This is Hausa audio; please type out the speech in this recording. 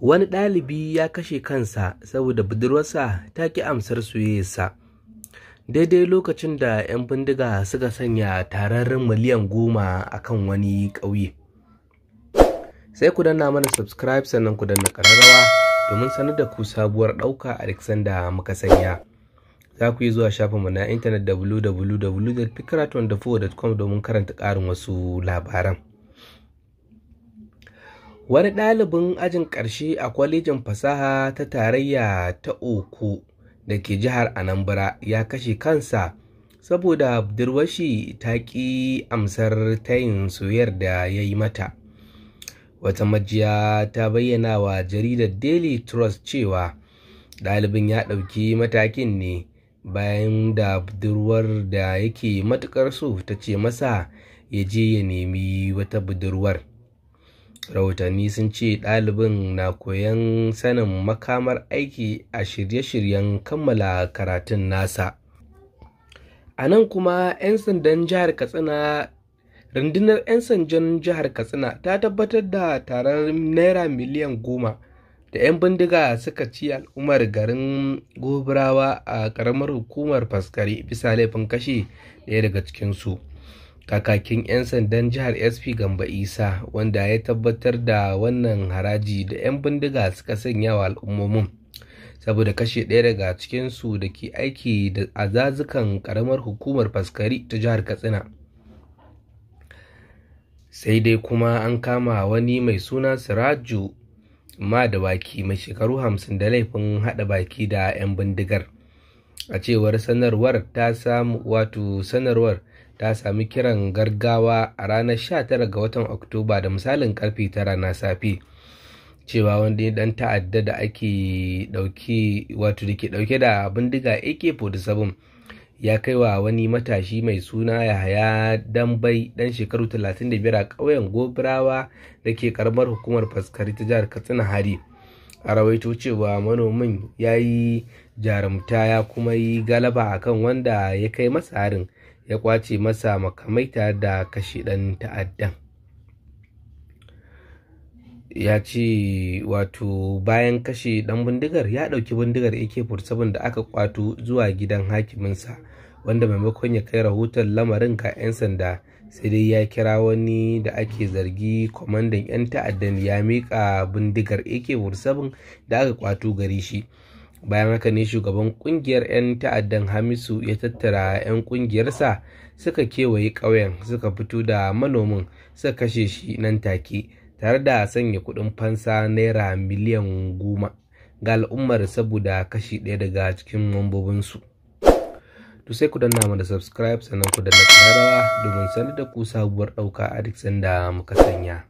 wani ɗalibi ya kashe kansa saboda budurwarsa ta ki amsar soyayyarsa daidai lokacin da 'yan bindiga suka sanya tararren miliyan goma a kan wani ƙauye sai ku danna mana subscribe sannan ku danna ƙararrawa domin sanar da ku sabuwar ɗauka a muka sanya za ku yi zuwa shafinmu na intanet wwwfikra domin karanta ƙarin wasu labaran wani ɗalibin ajin ƙarshe a kwalejin fasaha ta tarayya ta uku da ke jihar anambra ya kashe kansa saboda budurwashi ta ƙi amsar tayin soyar da ya yi mata wata majiya ta bayyana wa jaridar daily trust cewa ɗalibin ya ɗauki matakin ne bayan da budurwar da yake matuƙar so ta ce masa ya je ya nemi wata budurwar rahotanni sun ce ɗalibin na koyon sanin makamar aiki a shirye-shiryen kammala karatun nasa a nan kuma 'yan sandan jihar katsina rundunar 'yan sandan jihar katsina ta tabbatar da taron naira miliyan goma da 'yan bindiga suka ci al'ummar garin gobirawa a ƙaramar hukumar faskari bisa laifin kashe ɗaya daga cikinsu kakakin 'yan sandan jihar sp gamba isa wanda ya tabbatar da wannan haraji da 'yan bindiga suka sanya wa al'ummomin saboda kashe ɗaya daga cikinsu da ke aiki da azazukan karamar hukumar faskari ta jihar katsina sai dai kuma an kama wani mai suna siraju ma da baki mai shekaru hamsin da laifin haɗa baki da 'yan bindigar a cewar sanarwar ta samu wato sanarwar ta sami kiran gargawa a ranar 19 ga watan oktoba da misalin karfe 9 na safe cewa wanda dan ta'adda da ake dauki wato da ke dauke da bindiga ak-47 ya kai wa wani matashi mai suna yahaya dambai dan shekaru 35 a ƙauyen gobirawa da ke karamar hukumar faskari ta jihar katsina hari a rawaito cewa manomin ya yi jarumta ya kuma yi galaba akan wanda ya kai masa harin ya kwace masa makamai tare da kashe ɗan ta'addan ya ce wato bayan kashe ɗan bindigar ya ɗauki bindigar ak-47 da aka kwato zuwa gidan hakiminsa wanda maimakon ya kai rahoton lamarin ga 'yan sanda sai dai ya kira wani da ake zargi kwamandan 'yan ta'addan ya mika bindigar ak-47 da aka kwato gari shi bayan haka ne shugaban kungiyar 'yan ta'addan hamisu ya tattara 'yan kungiyarsa suka kewaye ƙauyen suka fito da manomin suka kashe shi nan take tare da sanya kuɗin fansa naira miliyan goma ga al'ummar saboda kashi ɗaya daga cikin mambobinsu to sai ku danna da subscribe sannan ku danna ƙararrawa domin sanar da ku sabuwar ɗauka a duk sanda muka sanya